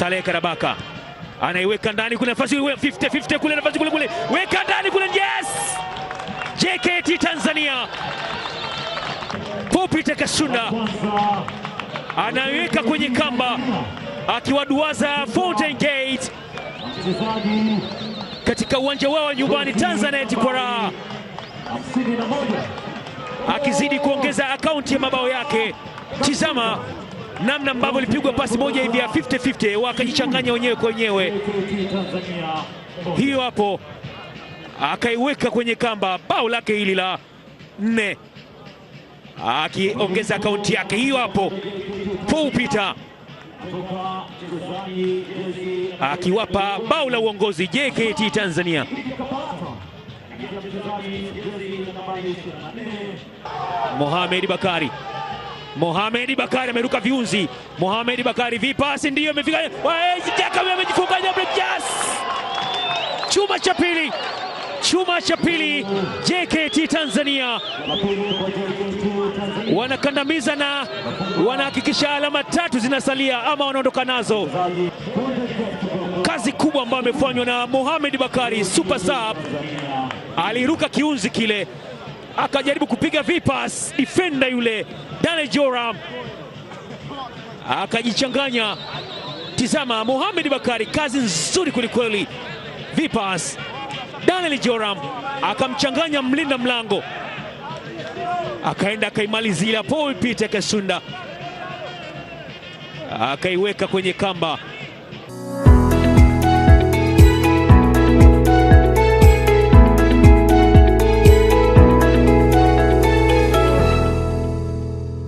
Saleh Karabaka anaiweka ndani kule nafasi 50 50 kule nafasi kule kule weka ndani kule yes! JKT Tanzania Popita Kasunda anaiweka kwenye kamba akiwaduaza Fountain Gate katika uwanja wao wa nyumbani Tanzanite kwa raha, akizidi kuongeza akaunti ya mabao yake. Tizama namna ambavyo ilipigwa pasi moja hivi ya 50 50, wakajichanganya wenyewe kwa wenyewe. Hiyo hapo akaiweka kwenye kamba, bao lake hili la nne, akiongeza akaunti yake. Hiyo hapo Paul Peter akiwapa bao la uongozi JKT Tanzania. Mohamed Bakari Mohamed Bakari ameruka viunzi. Mohamed Bakari vipasi ndiyo imefika. Amejifunga chuma cha pili, chuma cha pili. JKT Tanzania wanakandamiza na wanahakikisha alama tatu zinasalia ama wanaondoka nazo. Kazi kubwa ambayo amefanywa na Mohamed Bakari super sub, aliruka kiunzi kile akajaribu kupiga vipas defender yule daniel Joram akajichanganya. Tizama Mohamed Bakari, kazi nzuri kwelikweli. Vipas Daniel Joram akamchanganya mlinda mlango, akaenda akaimalizia Paul Peter Kasunda akaiweka kwenye kamba.